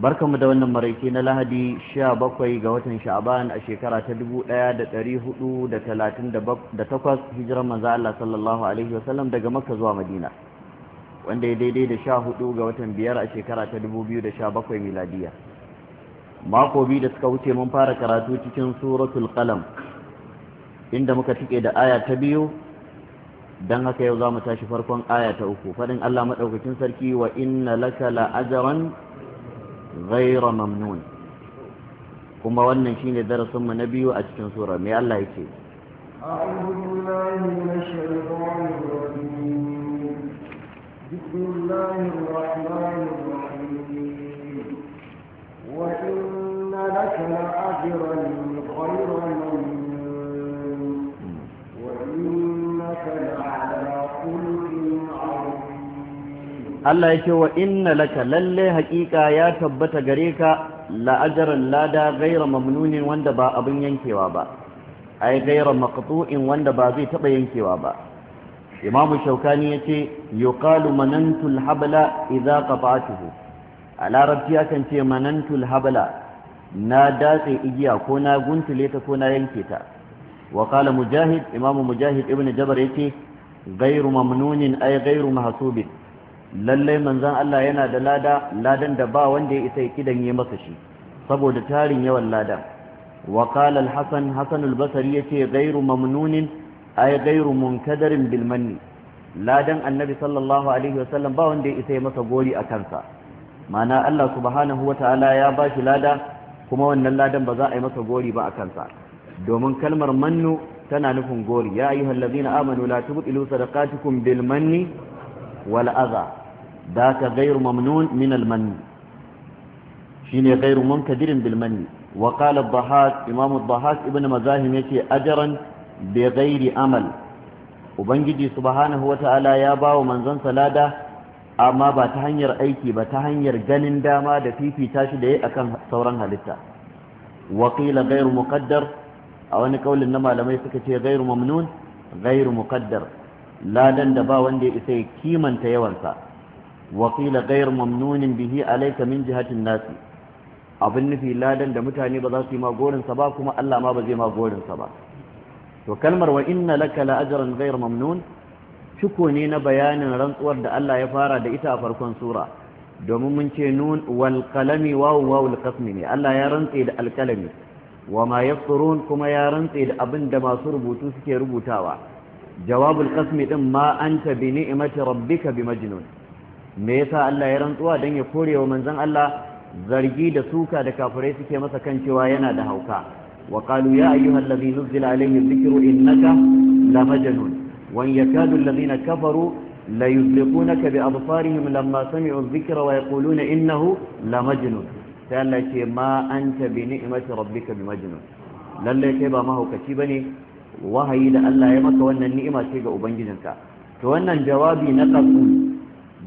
barkamu da wannan maraice na lahadi 17 ga watan sha'aban a shekara ta 1438 hijirar manzo Allah sallallahu alaihi wasallam daga makka zuwa madina wanda ya daidai da sha hudu ga watan biyar a shekara ta 2017 miladiya mako biyu da suka wuce mun fara karatu cikin suratul qalam inda muka tike da aya ta biyu dan haka yau za mu tashi farkon aya ta uku faɗin Allah maɗaukakin sarki wa inna laka la'ajaran ghaira mamnun kuma wannan shine darasin mu na biyu a cikin sura mai Allah yake أعوذ بالله من الشيطان Allah ya ce wa inna laka lalle haƙiƙa ya tabbata gare ka la'ajaran lada gaira mamnunin wanda ba abin yankewa ba ai gaira maqtu'in wanda ba zai taɓa yankewa ba imam shaukani ya ce yuqalu manantul habla idza qata'tuhu a larabci akan ce manantul habla na datse igiya ko na guntule ta ko na yanke ta wa qala mujahid imam mujahid ibnu jabar yace gairu mamnunin ai gairu mahsubin lallai manzon Allah yana da lada ladan da ba wanda ya isa ya kidanye masa shi saboda tarin yawan ladan wa qala al-hasan hasan al-basri yace ghairu mamnunin ay ghairu munkadarin bil manni ladan annabi sallallahu alaihi wasallam ba wanda ya isa ya masa gori a kansa mana Allah subhanahu wataala ya ba shi lada kuma wannan ladan ba za a yi masa gori ba a kansa domin kalmar mannu tana nufin gori ya ayyuhal ladina amanu la tubtilu sadaqatukum bil manni wal adha ba ka gairu mamnun min almanni shi ne gairu munkadirin bilmanni wa kala bahas imamu bahas ibn mazahim yake ajaran bai gairi amal ubangiji su bahanahu wata'ala ya ba wa manzon salada amma ba ta hanyar aiki ba ta hanyar ganin dama da fifita shi da ya akan sauran halitta wakila gairu muqaddar a wani kaulin na malamai suka ce gairu mamnun gairu muqaddar ladan da ba wanda ya isa ya kimanta yawansa وقيل غير ممنون به عليك من جهة الناس abin nufi ladan da mutane ba za su yi ma gorinsa ba kuma Allah ma ba zai ma ba to kalmar wa inna laka la ajran ghayr mamnun ciko ne na bayanin rantsuwar da Allah ya fara da ita a farkon sura domin mun ce nun wal qalami wawu wawul qasmi ne Allah ya rantse da alkalami wa ma yasrun kuma ya rantse da abin da masu rubutu suke rubutawa jawabul qasmi din ma anta bi ni'mati rabbika bi majnun me yasa Allah ya rantsuwa dan ya korewa manzon Allah zargi da suka da kafirai suke masa kan cewa yana da hauka wa qalu ya ayyuhal ladhi nuzila alayhi dhikru innaka la majnun wa yakadu alladhina kafaru la yuzliqunaka bi absarihim lamma sami'u dhikra wa yaquluna innahu la majnun sai Allah ce ma anta bi ni'mati rabbika bi majnun lalle kai ba mahaukaci bane wahayi da Allah ya maka wannan ni'ima ce ga ubangijinka to wannan jawabi na qasul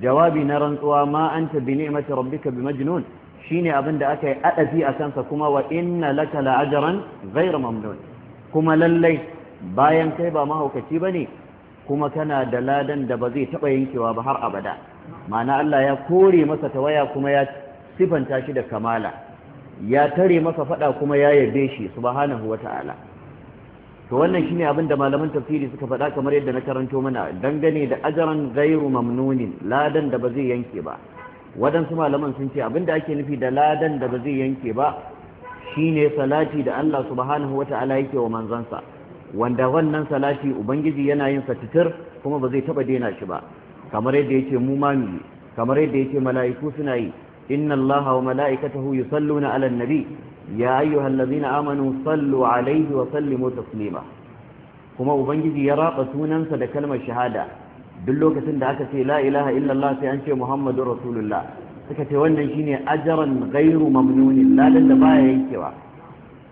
jawabi na rantsuwa ma anta bi ni'mati rabbika bi majnun shine abin da aka yi adafi a kansa kuma wa inna laka la'ajran ghayr mamnun kuma lallai bayan kai ba mahaukaci bane kuma kana da ladan da ba zai taba yankewa ba har abada ma'ana Allah ya kore masa tawaya kuma ya sifanta shi da kamala ya tare masa fada kuma ya yabe shi subhanahu wata'ala to wannan shine abin da malaman tafsiri suka faɗa kamar yadda na karanto mana dangane da ajaran gairu mamnunin ladan da ba zai yanke ba waɗansu malaman sun ce abin da ake nufi da ladan da ba zai yanke ba shine salati da Allah subhanahu wata'ala yake wa manzansa wanda wannan salati ubangiji yana yin sa titir kuma ba zai taba daina shi ba kamar yadda yake mu ma kamar yadda yake mala'iku suna yi inna allah wa mala'ikatahu yusalluna 'alan nabi ya ayyuhal ladina amanu sallu alaihi wa sallimu taslima kuma ubangiji ya raba sunansa da kalmar shahada duk lokacin da aka ce la ilaha illallah sai an ce muhammadur rasulullah suka ce wannan shine ajran ghairu mamnunin ladan da baya yankewa